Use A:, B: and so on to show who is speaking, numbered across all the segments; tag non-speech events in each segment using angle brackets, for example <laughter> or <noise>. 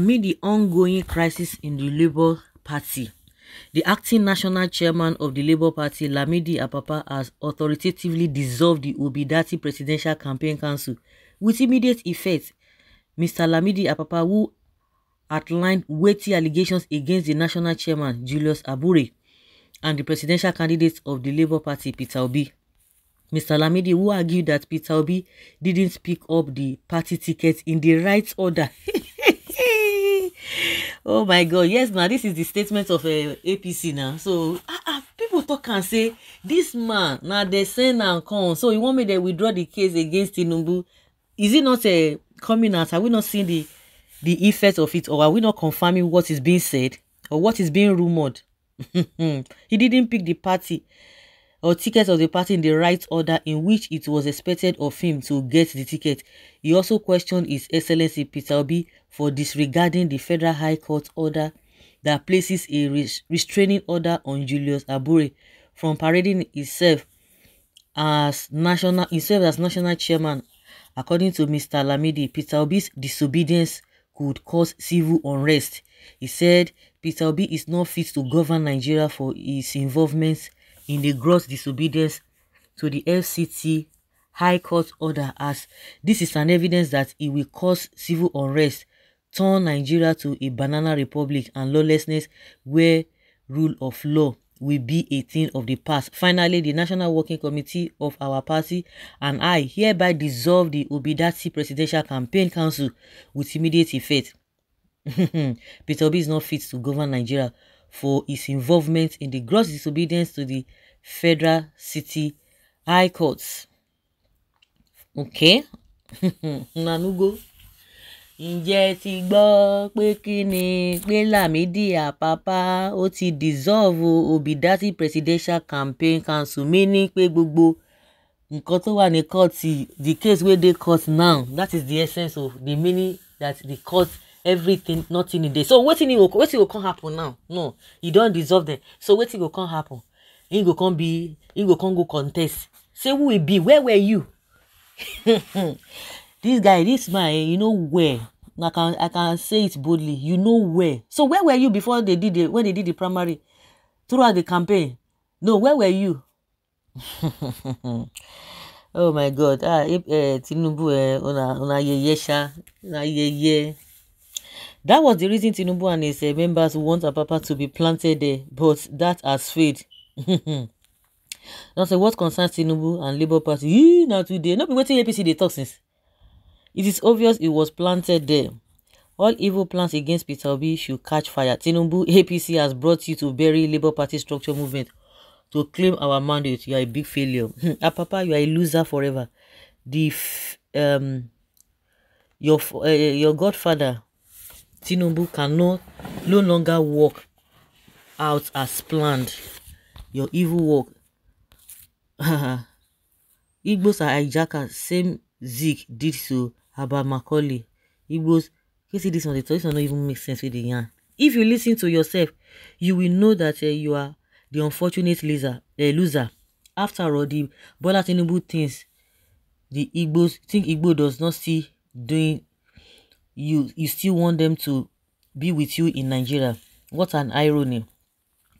A: Amid the ongoing crisis in the Labour Party, the acting national chairman of the Labour Party, Lamidi Apapa, has authoritatively dissolved the Obidati Presidential Campaign Council with immediate effect. Mr. Lamidi Apapa, who outlined weighty allegations against the national chairman, Julius Abure, and the presidential candidate of the Labour Party, Peter Obi. Mr. Lamidi, who argued that Peter Obi didn't pick up the party ticket in the right order. <laughs> oh my god yes na this is the statement of uh, eh, apc na so ah ah people talk am say this man na dey send am come so you wan make dem withdraw the case against tinubu is it not uh, coming out are we not seeing the the effect of it or are we not confirming what is being said or what is being rumoured <laughs> he didn't pick the party or ticket of the party in the right order in which it was expected of him to get the ticket. He also questioned His Excellency Peter Obi for disregarding the Federal High Court order that places a restraining order on Julius Abure from parading himself as national himself as national chairman. According to Mr. Lamidi, Peter Obi's disobedience could cause civil unrest. He said Peter Obi is not fit to govern Nigeria for his involvement in the gross disobedience to the FCT High Court order as this is an evidence that it will cause civil unrest, turn Nigeria to a banana republic and lawlessness where rule of law will be a thing of the past. Finally, the National Working Committee of our party and I hereby dissolve the Obidati Presidential Campaign Council with immediate effect. <laughs> Peter Obi is not fit to govern Nigeria for his involvement in the gross disobedience to the Federal City High Court. Okay? Una <laughs> no go. Ǹjẹ́ ti gbọ́ pé kí ni pé Lámìdí Àpápá ó ti dissolve Obidati Presidential Campaign Council mi ní pé gbogbo nǹkan tó wà ní court the case wey dey court now that is the essence of the meaning that the court everything nothing dey so wetin go wetin go come happen now no e don dissolve them so wetin go come happen him go come be him go come go contest say who e be where were you <laughs> this guy this man eh, you know where i can i can say it boldly you know where so where were you before they did the when they did the primary throughout the campaign no where were you <laughs> oh my god ah if eh, tinubu eh, una una yeye sha una yeye that was the reason tinubu and his eh, members want apapa to be planted there but that has failed <laughs> now say what concerns tinubu and labour party yee na today no be wetin apc dey talk since it is obvious it was planted there all evil plans against peter obi should catch fire tinubu apc has brought you to bury labour party structure movement to claim our mandate you are a big failure apapa <laughs> ah, you are a loser forever the um your uh, your godfather tinubu cannot no longer work out as planned your evil work. <laughs> Igbos are hijackers. Same Zeke did to Abba Macaulay. Igbos, you see this one, the this one not even make sense with the yarn. If you listen to yourself, you will know that uh, you are the unfortunate loser. Uh, eh, loser. After all, the Bola Tinubu things, the Igbos think Igbo does not see doing you you still want them to be with you in Nigeria. What an irony.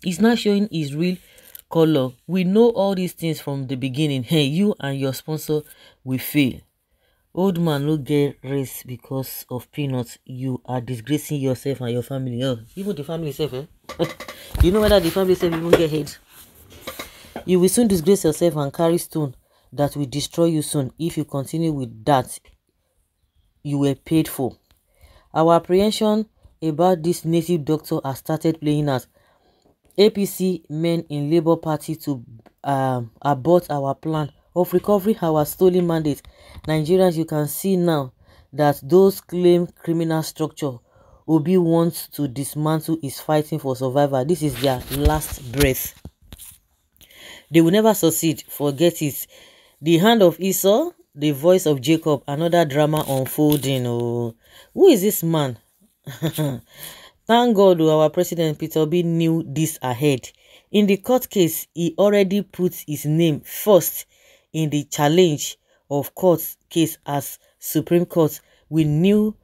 A: He's not showing his real color. We know all these things from the beginning. Hey, you and your sponsor will fail. Old man no get race because of peanuts. You are disgracing yourself and your family. Oh, even the family self, eh? <laughs> you know whether the family self even get hate. You will soon disgrace yourself and carry stone that will destroy you soon if you continue with that you were paid for. Our apprehension about this native doctor has started playing out APC men in Labour Party to um, abort our plan of recovering our stolen mandate. Nigerians, you can see now that those claim criminal structure Obi wants to dismantle is fighting for survival. This is their last breath. They will never succeed. Forget it. The hand of Esau, the voice of Jacob, another drama unfolding. Oh, who is this man? <laughs> Thank God our president Peter B knew this ahead. In the court case, he already put his name first in the challenge of court case as Supreme Court. We knew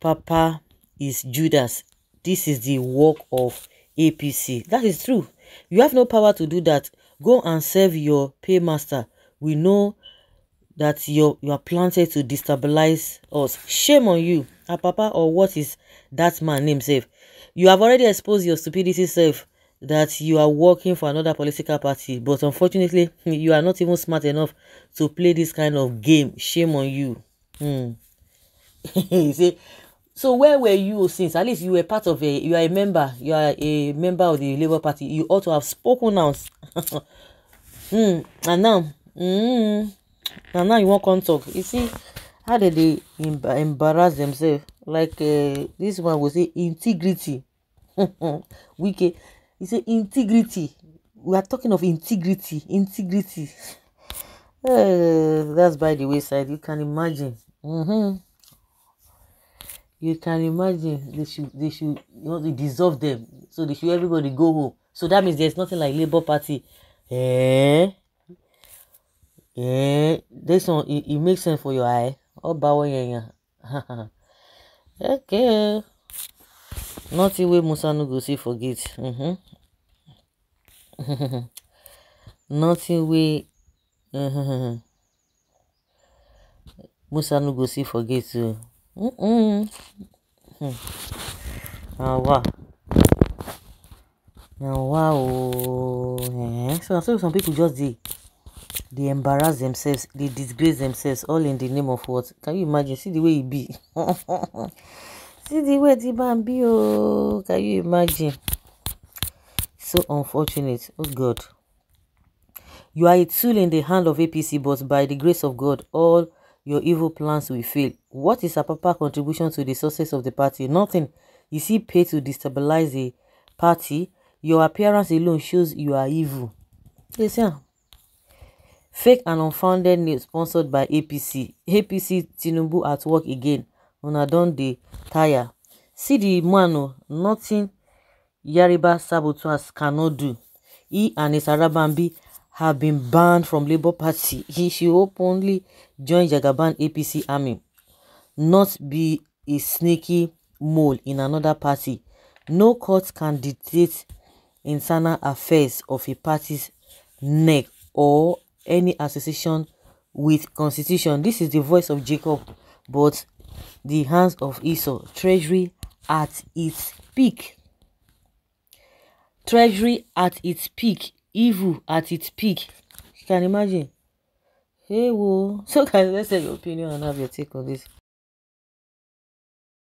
A: Papa is Judas. This is the work of APC. That is true. You have no power to do that. Go and serve your paymaster. We know that you you are planted to destabilize us. Shame on you. A papa or what is that man name safe? You have already exposed your stupidity self that you are working for another political party, but unfortunately, <laughs> you are not even smart enough to play this kind of game. Shame on you. Hmm. <laughs> you see, so where were you since? At least you were part of a, you are a member, you are a member of the Labour Party. You ought to have spoken out. <laughs> hmm. And now, hmm. And now you won't come talk. You see, how dem dey embarrass themselves like uh, this one go say integrity <laughs> wike he say integrity we are talking of integrity integrity uh, <laughs> that's by the wayside you can imagine mm-hmm. you can imagine they should they should you know they deserve them so they should everybody go home so that means there's nothing like labour party eh eh this one it e make sense for your eye ọbawọ yẹn yẹn <laughs> okay nothing wey musa no go see forget mm -hmm. <laughs> nothing wey mm mm-hmm. musa no go see forget o mm -mm. mm. awa na so na so some people just dey they embarrass themselves, they disgrace themselves, all in the name of what? Can you imagine? See the way he be. <laughs> See the way the man be. Oh, can you imagine? So unfortunate. Oh God. You are a tool in the hand of APC, but by the grace of God, all your evil plans will fail. What is proper contribution to the success of the party? Nothing. You see, pay to destabilize the party. Your appearance alone shows you are evil. Yes, yeah. fake and unfounded news sponsored by apc apc tinubu at work again una don dey tire see the man o oh, nothing yariba saboteurs cannot do he and his arabambi have been banned from labour party he should openly join jagaban apc army not be a sneaky mole in another party no court can dictate internal affairs of a party's neck or any association with constitution. This is the voice of Jacob, but the hands of Esau, treasury at its peak. Treasury at its peak, evil at its peak. You can imagine. Hey, whoa. <laughs> So, guys, let's say your opinion and have your take on this.